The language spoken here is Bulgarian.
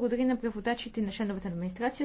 Благодаря на преводачите и на членовете на администрацията.